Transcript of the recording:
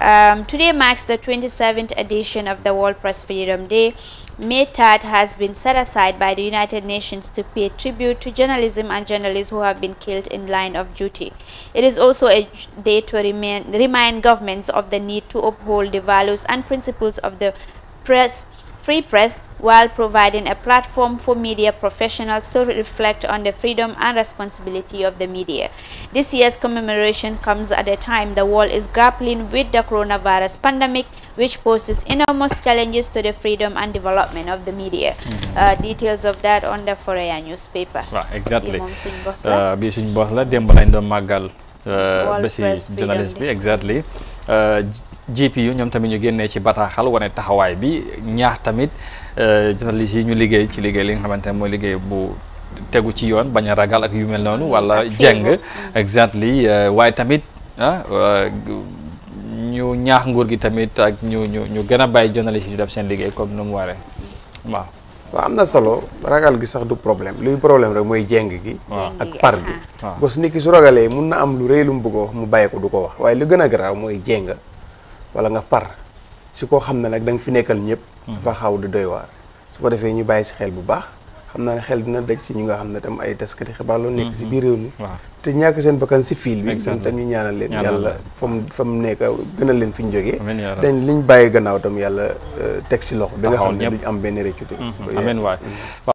Um, today marks the 27th edition of the World Press Freedom Day. May 3rd has been set aside by the United Nations to pay tribute to journalism and journalists who have been killed in line of duty. It is also a day to remind governments of the need to uphold the values and principles of the press free press while providing a platform for media professionals to reflect on the freedom and responsibility of the media. This year's commemoration comes at a time the world is grappling with the coronavirus pandemic, which poses enormous challenges to the freedom and development of the media. Mm -hmm. uh, details of that on the Foreya newspaper. exactly. Uh, la uh, exactly GPU ñoom tamit ñu génnee ci bataaxal wane taxawaay bi ñaax tamit euh, journalistes yi ñu liggéey ci liggéey li nga xamante ne mooy liggéey bu tegu ci yoon bañ a ragal ak yu mel noonu wala jeng exactly euh, waaye tamit ah euh, ñu ñaax nguur gi tamit ak ñu ñu ñu gën a bàyyi journalistes yi ñu def seen liggéey comme nu mu waree waaw am na solo ragal gi sax du problème luy problème rek mooy jeng gi ak par bi gos ah, ah. nit ki su ragalee mun na am lu rëy lu mu bëgg mu bàyyi ko du ko wax waaye lu gën a garaaw mooy jénga wala nga par si koo xam ne nag da nga fi nekkal ñëpp hmm. dafa xaw di doy waar su ko defee ñu bàyyi si xel bu baax xam naa ne xel dina daj si ñu nga xam ne tam ay taskati xibaar loolu nekk si mhm. biir réew mi te ñàkk seen bakkan si fiil bi ñun tam ñu ñaanal leen yàlla fa mu fa mu nekk gënal leen fi ñu jógee dañ liñ bàyyi gannaaw tam yàlla euh, teg si loxo bi nga xam ne duñ am benn réccute mhm. amiin waay mhm.